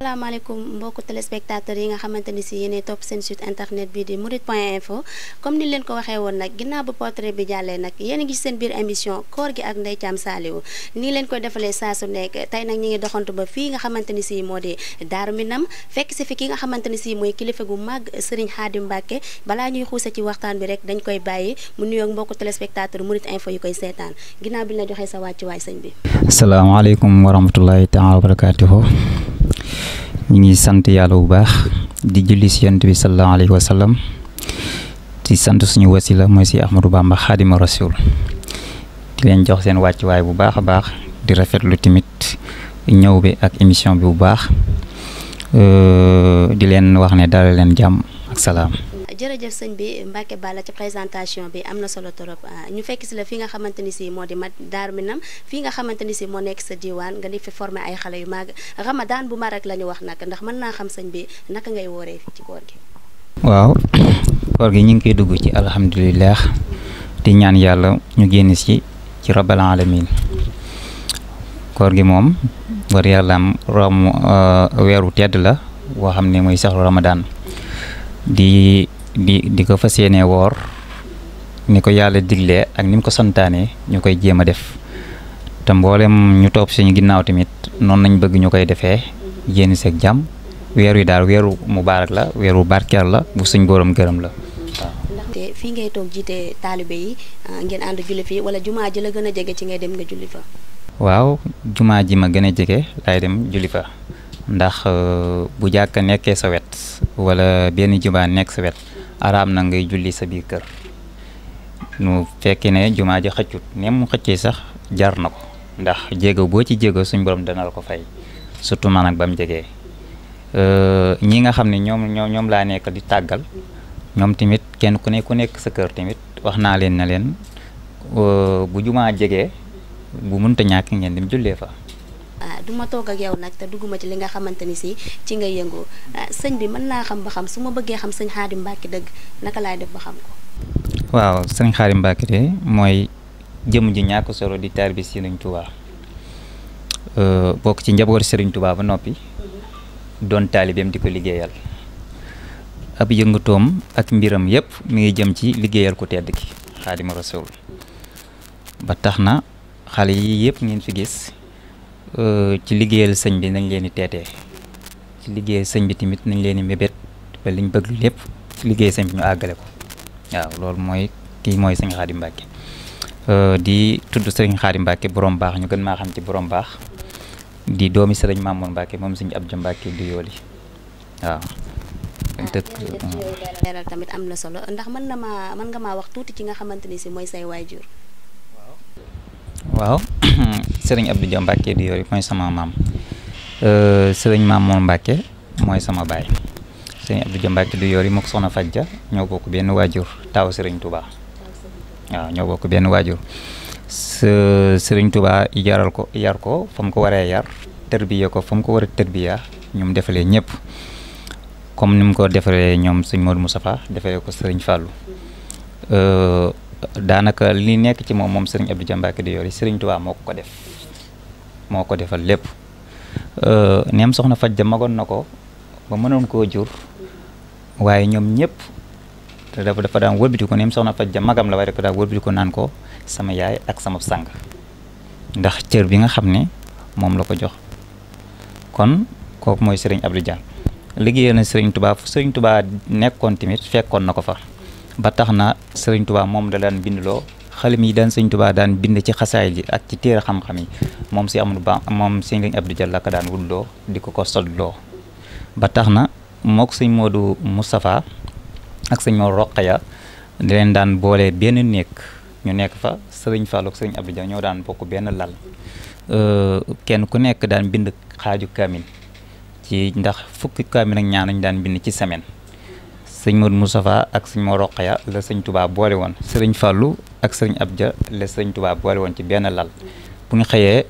Assalamualaikum mbokku téléspectateur yi nga xamanteni ci yene top sen site internet bi di mourid.info point info comme ni len ko waxee won nak ginnaaw bu portrait bi jàllee nak yene gi ngi seen biir émission koor gi ak Ndeye Thiam Saliou ni len koy defalee sa su nek tay nak ñi ngi doxantu ba fi nga xamanteni ci si daru Minam fekk ci fi ki nga xamanteni ci moy kilifa gu mag Serigne Khadim Mbacke bala ñuy xuuse ci waxtaan bi rek dañ koy bayyi mu ak mbokku téléspectateur mourid.info yu koy seetaan ginnaaw bi la joxee sa way serigne bi. assalamualaikum warahmatullahi taala Wabarakatuh ñi ngi sant yalla bu baax di julli ci yent bi sallallahu alayhi wa di sant suñu wasila moy si ahmadou bamba khadim rasul di len jox seen way bu baax baax di rafetlu timit ñew bi ak émission bi bu baax euh, di len wax ne dara len jam ak salam jërëjëf sëñ bi Mbacke Balla ci présentation bi amna solo torop ah, ñu fekk si la fi nga xamante ni si mo di ma Minam fi nga xamante si nekk sa diwan nga ay xale yu mag Ramadan bu marak la ñu wax nak ndax mën naa xam sëñ bi naka ngay wooree fi ci koor gi. waaw koor gi ñu ngi koy dugg ci di ñaan ñu si ci rabbal alamin koor gi mom, war alam ram ah, weeru tedd la woo xam ne Ramadan di di di ko fas yéene woor ni ko yàlla digle ak ni mu ko santaanee ñu koy jéem a def te mboolem ñu topp suñu ginnaaw tamit noonu nañ bëgg ñu koy defee yéen seeg jàmm weer wi daal weeru mubaarak la weeru barkeel la bu suñ borom gërëm la fii ngay toog jiite taalibe yi ah, ngeen ànd wala jumaa ji la gën ci ngay dem nga waaw jumaa ji ma gën a jege laay dem julli fa ndax euh, bu jàkk a nekkee sa wet wala benn jumaa nekk sa wet aram na ngay julli sa biir kër nu fekki ne juma ji xëccut nem mu xëccee sax jar nako ndax jéego bo ci jéego suñu borom dana la ko fay surtout ak bam jégé euh ñi nga xamni ñom ñom ñoom la nekk di tagal ñom timit kenn ku ne ku nekk sa kër timit wax na leen na leen bu juma jégé bu mënta ñak ngeen dem julle fa duma tok ak yaw nak te duguma ci li nga xamanteni ci si ci nga yëngu ah, señ bi man naa xam ba xam suma ma bëggee xam señ xadi Mbàkke deug naka lay def ba xam ko waaw señ xadi de moy jëm ji solo di tar bi Sëriñ euh bok ci njabor señ Tuubaa ba nopi don talibem diko liggeyal ab yëngatoom ak mbiram yépp mi ngi jëm ci liggeyal ko tedd ki Xaadimu rasul ba taxna ngeen fi gis Euh, ci liggéeyal sëñ bi nañ leen di teetee ci liggéeyal sëñ bi tamit nañ leen di mébét ba liñ bëgg lépp ci liggéey sëñ bi ñu àggale ko waaw lool mooy kii mooy sëñ Xaadim Mbàkke euh, di tudd sëñ Xaadim Mbàkke borom baax ñu gën maa xam ci borom baax di doomi sëriñ Mamoun Mbàkke moom sëñ Abdou Mbàkke du yooli waaw. dëkk ah, leeral tamit am na solo ndax mën na maa mën nga maa wax tuuti ci nga xamante si mooy say waajur Wow, sering abdi jom pakai di yori mooy sama mam. Eh, sering mam Mamour Mbacke moy sama bay. Sering abdi jom pakai di yori mok sona Fajja ñoo bokk benn wajur taaw sering tuba. waaw ya, ñoo bokk benn waajur sering tuba yaral ko yar ko fom ko waree yar terbiya ko fa ko war terbiya tërbiya ñoom defalee ñëpp comme ni ko defaree Modou ko Fallou eh, daanaka li nekk ci moom moom sëriñ Abdou Dia Mbacke di yori sëriñ Tuubaa moo ko ko def moo ko defal lépp euh, neem soxna faj de magoon na ko ba mënoon koo jur waaye ñoom ñëpp te dafa dafa daan wëlbati ko neem soxna faj de magam la waaye dafa daan wëlbati ko naan ko sama yaay ak sama sang ndax cër bi nga xam ne moom la ko jox kon kooku mooy sëriñ Abdou Dia liggéeyal na sëriñ Tuubaa fu sëriñ Tuubaa nekkoon tamit fekkoon na ko fa. ba taxna serigne touba mom da lan bind lo xalim yi dan serigne touba dan bind ci xasaay ji ak ci téré xam-xam yi moom si Amadou Ba moom sëriñ Abdou jalla ka dan wul lo diko ko sol lo ba taxna mok serigne Modou Moustapha ak serigne Modou Roqaya di len dan bolé ben nek ñu nekk fa serigne Fallou ak Abdou jalla ñoo dan bokku ben lal kenn ku nek dan bind xaju kamil ci ndax fukk kamil ak ñaan dan bind ci semaine sëñ Modou Moustapha ak sëñ Mor Rokhaya la sëñ tubaab boole woon sëriñ Fallou ak sëriñ Abdia la sëñ tubaab boole woon ci benn lal bu ñu xëyee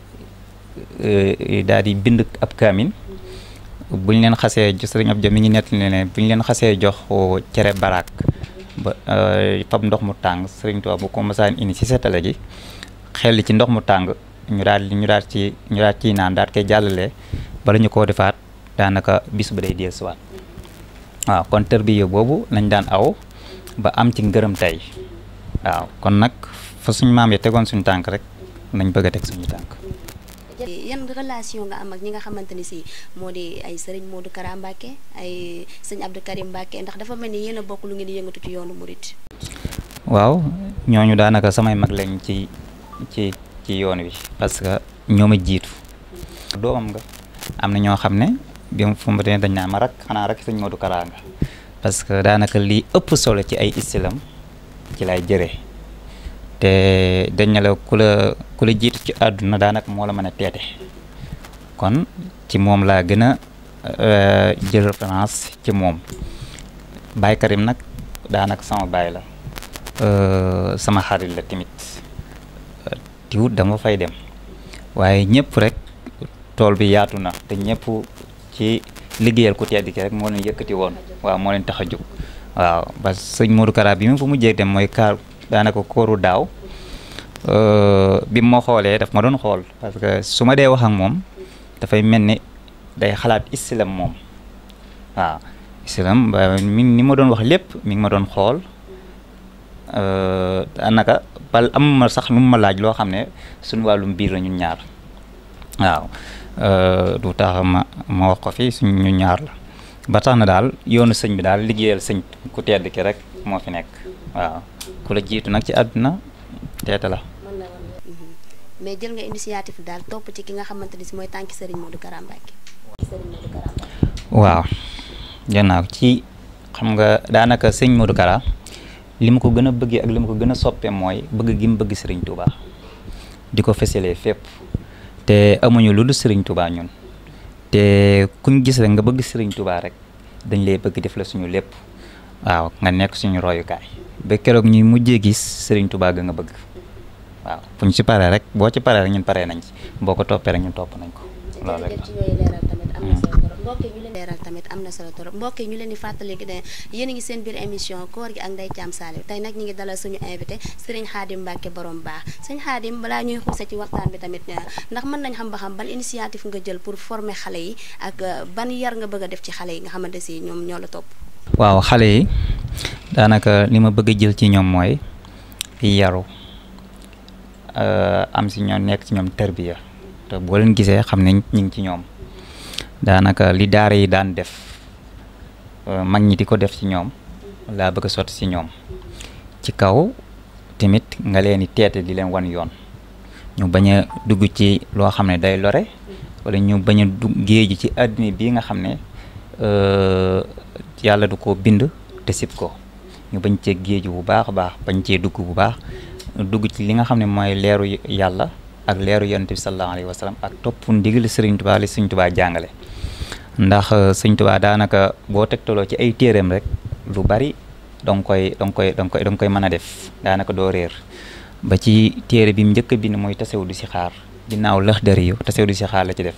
euh, euh, daal di bind ab kaamin bu ñu leen xasee sëriñ Abdia mi ngi nett ne bu ñu leen xasee jox oh, cere baraak ba euh, fab ndox mu tàng sëriñ Touba bu ko mosaan indi ci setale gi xel ci ndox mu tàng ñu daal ñu daal ci ñu daal ciy naan daal koy jàllale bala ñu ko defaat daanaka bis ba day deesuwaat waaw ah, kon terbiye boobu lañ daan aw ba am ci ngërëm tey waaw kon nag fa suñ maam ya tegoon suñu tànk rek nañ bëgg a teg suñu tànk. yan relation nga am ak ñi nga xamante ni si moo di ay sëriñ Modou Kara Mbacké ay sëñ Abdou Karim Mbacké ndax dafa mel ni yéen a bokk lu ngeen di yëngatu ci yoonu murit. waaw ñooñu daanaka samay mag lañ ci ci ci yoon wi parce que ñoo ma jiitu. Mm-hmm. doomam nga am na ñoo xam ne. bi mu fu mu ne dañ naa ma rak xanaa rak sëñ Modou Kara nga parce que daanaka lii ëpp solo ci ay istilam ci lay jëree te dañ ne la ku la ku la jiitu ci àdduna daanaka moo la mën a teete kon ci moom laa gën a euh, jël référence ci moom Baye Karim nag daanaka sama baay la euh, sama xarit la tamit tiwut dama fay dem waaye ñëpp rek tool bi yaatu na te ñëpp ci liggéeyal ku tedd ki rek moo leen yëkkati woon waaw moo leen tax a jóg waaw parce que sëñ Modou Kara bi mu fu mujjee dem mooy kaar daanaka kóoru daaw euh, bi ma xoolee daf ma doon xool parce que su ma dee wax ak moom dafay mel ni day xalaat islam moom waaw islam mi ni ma doon wax lépp mi ngi ma doon xool euh, daanaka bal am ma sax lu ma laaj loo xam ne suñu wàllum biir la ñun ñaar waaw du tax ma ma wax ko fi suñu ñaar la ba tax na daal yoonu señ bi dal liggéeyal señ ku tedd ki rek mo fi nek waaw ku la jitu nak ci aduna teete la mhm. mais jël nga initiative dal top ci ki nga xamanteni moy tanki señ Modou karam bakki waaw jëna ci xam nga daanaka señ Modou Kara li ko gëna a ak li ko gëna soppé moy bëgg gi mu bëgg señ Touba di fesselé fep te amuñu lu dul Serigne Touba ñun te kuñ gis rek nga bëgg Serigne Touba rek dañ lay bëgg def la suñu lépp waaw nga nekk suñu royukaay ba keroog ñuy mujjee gis Serigne Touba ga nga bëgg waaw fu ñu ci paree rek boo ci paree rek ñun paree nañ ci boo ko toppee rek ñu topp nañ ko mbokk ñu leen leral tamit am na solo trop mbokk ñu leen di fàttali gi ne yéen ngi seen biir émission koor gi ak nday Thiam Saliou tey nag ñu ngi dalal suñu invité Serigne Khadim Mbacke borom baax Serigne Khadim balaa ñuy xuuse ci waxtaan bi tamit euh, ndax mën nañ xam ba xam ban initiative nga jël pour former xale yi ak euh, ban yar nga bëgg a def ci xale yi nga xamante si ñoom ñoo la topp waaw xale yi daanaka li ma bëgg a jël ci ñoom mooy yaru euh, am si ñoo nekk ci ñoom terbiya te boo leen gisee xam ne ñu ci ñoom daanaka li daara yi daan def eh, mag ñi di ko def ci ñoom laa bëgg a sotti ci ñoom ci kaw tamit nga leen di teete di leen wan yoon ñu bañ dugg ci loo xam ne day lore wala ñu bañ a géeju ci admi bi nga xam ne yàlla du ko bind te sib ko ñu bañ cee géeju bu baax a baax bañ cee dugg bu baax dugg ci li nga xam ne mooy leeru yàlla ak leeru yonent bi sallallahu alayhi wasallam ak top ndigal serigne touba li serigne touba jangale ndax eh, touba danaka bo tek tolo ci ay terem rek lu bari dong koy dong koy dong koy dong koy mana def danaka do reer ba ci tere bi mu njëkk a bind mooy tasew du si xaar ginnaaw lëx yu tassew du la ci def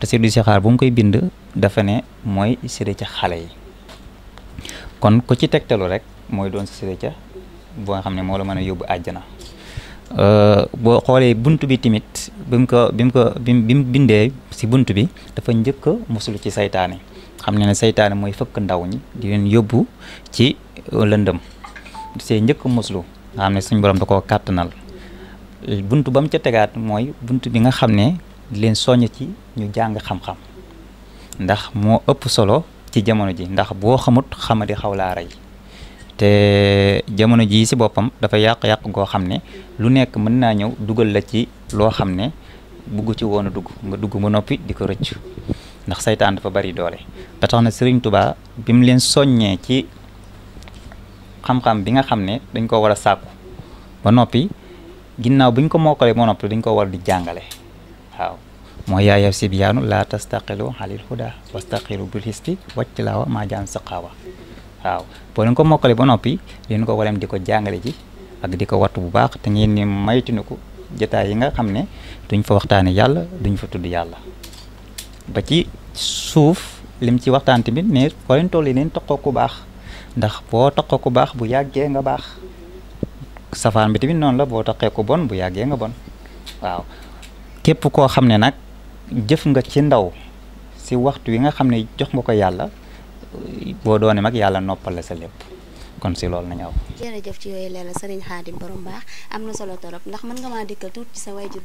tassew du si xaar bu mu koy bind dafa ne moy sire ci xalé yi kon ko ci tegtalu rek moy don sire ci bo xamne mo ne la meuna a aljana Euh, boo xoolee bunt bi tamit bi ko bi ko bi bindee si bunt bi dafa njëkk a musulu ci seytaane xam ne ne saytaane mooy fëkk ndaw ñi di leen yóbbu ci euh, lëndëm see njëkk a muslu nga xam ne borom da koo kàttanal bunt ba ca tegaat mooy bunt bi nga xam ne leen soññ ci ñu jàng xam-xam ndax moo ëpp solo ci jamono ji ndax boo xamut xamadi xaw laa rey te jamono jii si boppam dafa yàq-yàq goo xam ne lu nekk mën naa ñëw dugal la ci loo xam ne bugg ci woon a dugg nga dugg ba noppi di ko rëcc ndax saytaan dafa bari doole ba tax na Sëriñ tubaa bi mu leen soññee ci xam-xam bi nga xam ne dañ ko war a sàkku ba noppi ginnaaw buñ ko mokkalee ba noppi dañ ko war di jàngale waaw mooy yaayab sibyaanu laa tastaqilu xalil huda wastaqilu bil histi wacc laa wa maa jaan saqaawa waaw boo leen ko mokkale ba noppi leen ko war di ko jàngale ji ak di ko wattu bu baax te ngeen ni maytinu ko jotaay yi nga xam ne duñ fa waxtaane yàlla duñ fa tudd yàlla ba ci suuf lim ci waxtaan tamit ne foo leen toll yi neen toqoo baax ndax boo toqoo ku baax bu yàggee nga baax safaan bi tamit noonu la boo toqee ko bon bu yàggee nga bon waaw képp koo xam ne nag jëf nga ci ndaw si waxtu wi nga xam ne jox nga ko yàlla boo doone mag yàlla noppal sa lépp kon si loolu nañu aw. jërëjëf ci yooyu leeral Serigne Khadim borom am na solo torop ndax mën nga maa dikkal tuut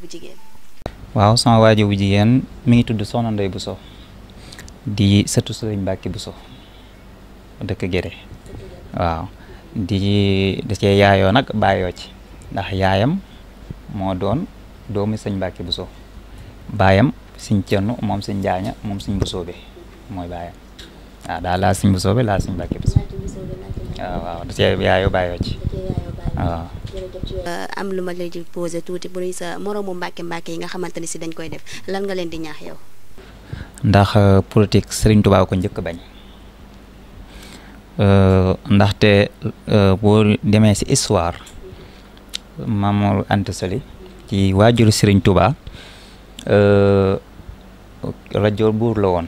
bu jigéen. waaw sama waajur bu jigéen mi ngi tudd Soxna bu Bousso di sëtu Serigne bu Bousso dëkk Guédé waaw di da yaayoo nag bàyyoo ci ndax yaayam moo doon doomu sëñ bu Bousso baayam sëñ Cerno moom sëñ Jaaña moom sëñ Bousso bi mooy baayam. waaw daal laa siñ bu soobee laa siñ Mbàkke bu soobee waaw da cee yaayoo bàyyoo ci am lu ma leen di posé tuuti bu ñuy sa moroomu mbàkke mbàkke yi nga xamante ni si dañ koy def lan nga leen di ñaax yow ndax eh, politique Sëriñ tubaa ko njëkk bañ eh, ndaxte eh, boo demee si histoire Mamour Anta Sali ci waajuru Sëriñ Tuubaa rajo buur la woon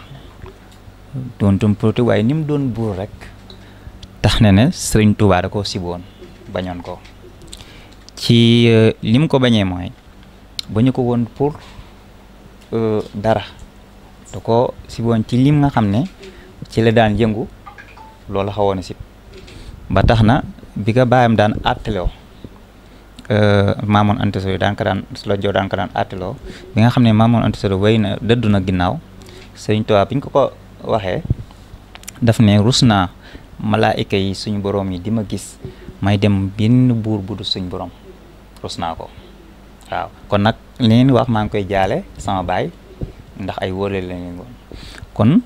don tumputi proti way nim don bur rek tax na ne serigne touba da ko siboon bañon ko ci Toko ko bañe moy bañu ko won pour dara da ko siboon ci lim nga xamne dan ci la daan yëngu lolou xawone a ba taxna bi ga bayam daan atelo euh mamon Sali daan ko daan lo joo daan atelo bi nga xamne mamon wayna deduna serigne touba bi ko ko waxee daf ne rus naa malaayika yi suñ borom yi di ma gis may dem benn buur bu du suñ borom rus naa ko waaw kon nag li ngeen wax maa ngi koy jaale sama baay ndax ay wóorle la kon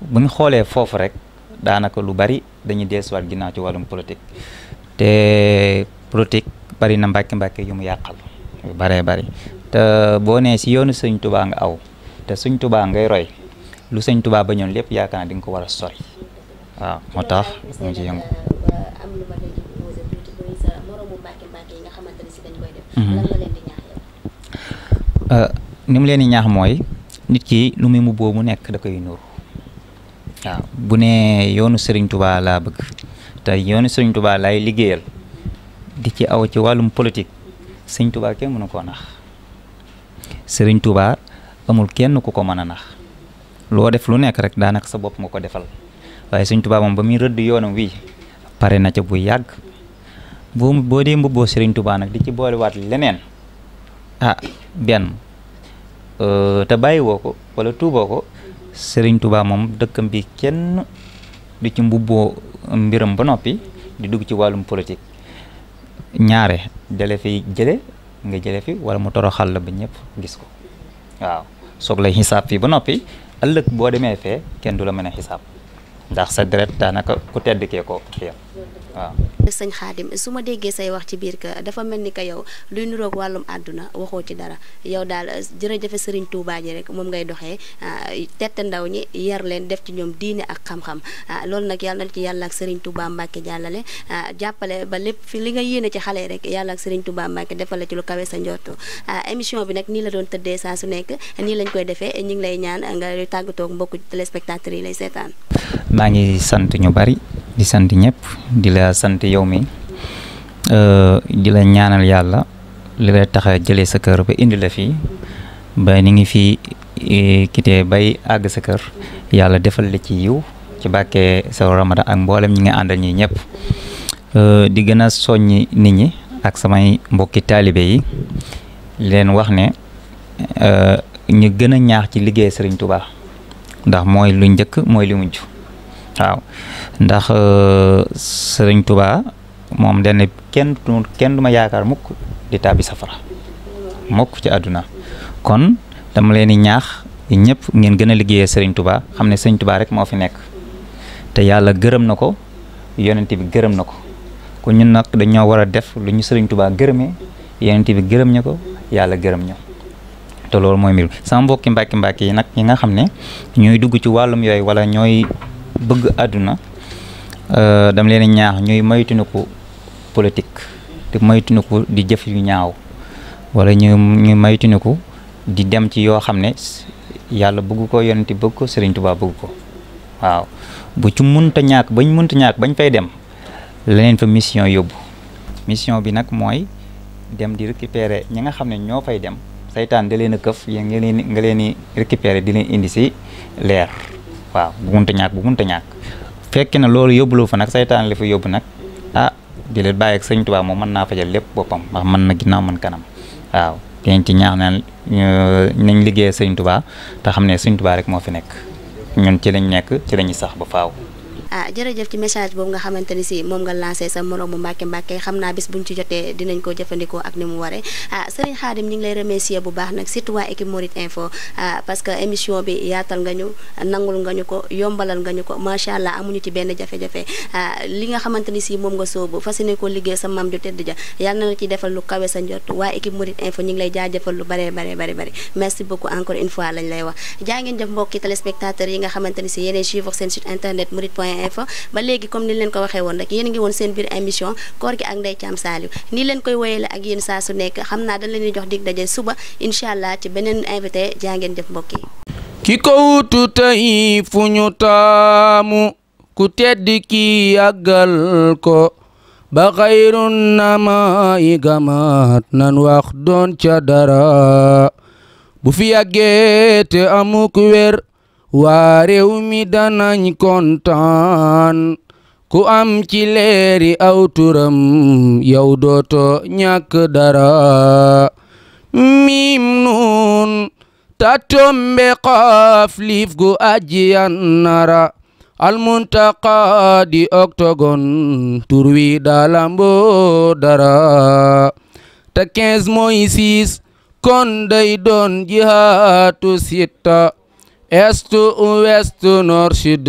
bu ñu xoolee foofu rek daanaka lu bari dañuy deesuwaat ginnaaw ci wàllum politique te politique bari na mbàkke mbàkke yu mu yàqal yu baree bari te boo nee si yoonu Sëñ Tuubaa nga aw te Sëñ Tuubaa ngay roy lu sëñ ba ñoom lépp yaakaar naa di nga ko war a sori waaw moo tax mu ci yëngu. Mm-hmm. Euh, leen di ñaax mooy nit ki lu muy mu boobu nekk da koy nuur waaw bu ne yoonu sëriñ tubaa laa bëgg te yoonu Serigne Touba laay liggéeyal di ci aw ci wàllum politique Serigne Touba kenn mënu koo nax sëriñ Touba amul kenn ku ko mën a nax loo def lu nekk rek daanaka sa bopp nga ko defal waaye Sëriñ Tuubaa moom ba muy rëdd yoonam wii pare na ca bu yàgg boo boo dee mbubboo Sëriñ Tuubaa nag di ci boolewaat leneen ah benn te bàyyiwoo ko wala tuuboo ko Sëriñ Tuubaa moom dëkkam bi kenn du ci mbubboo mbiram ba noppi di dugg ci wàllum politique ñaare dale fi jële nga jële fi wala mu xal la ba ñëpp gis ko waaw soog lay xisaab fii ba noppi ëllëg boo demee fee kenn du la mën a xisaab ndax sa deret daanaka ku tedd kee ko fi waaw sëñ su ma déggee say wax ci biir que dafa mel ni que yow luy nuroog wàllum àdduna waxoo ci dara yow daal jërëjëfe sëriñ Tuubaa ji rek moom ngay doxee ah, tette ndaw ñi yar leen def ci ñoom diine ak xam-xam ah, loolu nag yàlla na ci yàlla ak sëriñ Tuubaa Mbàkke jàllale ah, jàppale ba lépp fi li nga yéene ci xale rek yàlla ak sëriñ Tuubaa Mbàkke defale ci lu kawe sa njortu émission bi nag nii la doon tëddee saa su nekk nii lañ koy defee ñu ngi lay ñaan nga tàggatoog mbokku téléspectateurs yi lay seetaan di sant ñep di la sant yow mi euh, di la ñaanal yalla li la taxé jëlé sa kër ba indi la fi ba ni ngi fi kité e, bay ag sa kër yalla défal la ci yiw ci bàkkee sa ramadan ak mbolam ñi nga andal ñi euh di gëna soñi nit ñi ak samay mbokki talibé yi leen wax ne euh, ñu gëna ñaax ci liggéey Sëriñ touba ndax moy lu ñëk moy li muñju waaw ndax euh, sëriñ Tuubaa moom dana kenn kenn du ma yaakaar mukk di tàbbi safara mukk ci àdduna kon dama leen di ñaax ñëpp ngeen gën a liggéeyee sëriñ Tuubaa xam ne sëriñ Tuubaa rek moo fi nekk te yàlla gërëm na ko yonent bi gërëm na ko ku ñun nag dañoo war a def lu ñu sëriñ Tuubaa gërëmee yonent bi gërëm ña ko yàlla gërëm ña te loolu mooy mbir sama mbokki mbàkki mbàkki yi nag ñi nga xam ne ñooy dugg ci wàllum yooyu wala ñooy bëgg àdduna euh, dam leen ñaax ñuy moytandiku politique di ko di jëf yu ñaaw wala ñu maytunu ko di dem ci yoo xam ne yàlla bëgg ko yonent bëgg ko Sëriñ Tuubaa bëgg ko waaw bu ci mënta ñàkk bañ mënta ñàkk bañ fay dem leneen fa mission yóbbu mission bi nag mooy dem di récupérer ñi nga xam ne ñoo fay dem seytaan da leen a këf nga leen nga leen di récupérer di indi si leer waaw bu munta ñàkk bu munta ñàkk fekk na loolu yóbbu la fa nag saytaan li fa yóbbu nag ah di la bàyyi ak sëñ Tuubaa moom mën naa fajal lépp boppam ndax mën na ginnaaw mën kanam waaw dañ ci ñaax naan euh, nañ liggéey sëñ Tuubaa te xam ne sëñ Tuubaa rek moo fi nekk ñun ci lañ nekk ci lañuy sax ba faaw ah jërëjëf ci message boobu nga xamante si moom nga lancé sa moroomu mbàkke mbàkke xam naa bis buñ ci jotee dinañ ko jëfandikoo ak ni mu waree ah sëriñ Xaadim ñu ngi lay remercier bu baax nag surtout waa équipe Info ah parce que émission bi yaatal nga ñu nangul nga ñu ko yombalal nga ñu ko macha allah amuñu ci benn jafe-jafe ah li nga xamante si moom nga soobu fas yéene ko liggéey sa mam ju tedd ja yàlla na la ci defal lu kawe sa njort waa équipe Info ñu ngi lay jaajëfal lu bare bare bare bare merci beaucoup encore une fois lañ lay wax jaa ngeen jëf mbokki téléspectateurs yi nga xamante si Yeneshi suivre seen site internet mouride point info ba léegi comme ni leen ko waxee woon rek yéen ngi woon seen biir émission koor gi ak Ndeye Thiam Saliou nii leen koy woyale ak yéen saa su nekk xam naa dañ leen di jox dig daje suba incha allah ci beneen invité jaa ngeen jëf mbokk yi ki ko wutu tey fu ñu taamu ku tedd ki yàggal ko ba xayrun nama yi gamaat nan wax doon ca dara bu fi yàggee te amu ku waa réew mi danañ kontaan ku am ci leeri aw turam yow dooto ñàkk dara miim nuun ta tombe qaaf liif gu ajiyan nara almuntaqa di octogon tur wi daalamboo dara te quinze mooy siis kon day doon jihaatu sitta estu westu norshid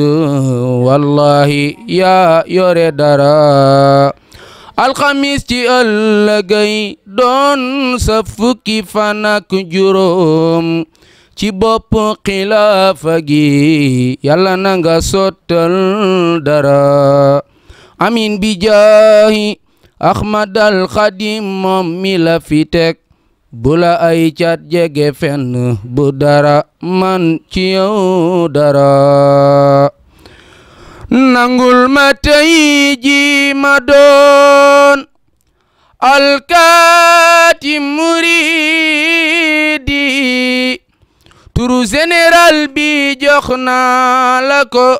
wallahi yaa yore dara alxamis ci ëllëgay doon sa fukki fan juróom ci bopp xilaafa gi yàlla na nga dara amin bi ahmad al xadim moom fi teg bula ay cat jege fenn bu dara man ci dara nangul ma tey ji ma doon alkaati muridi turu général bi jox naa la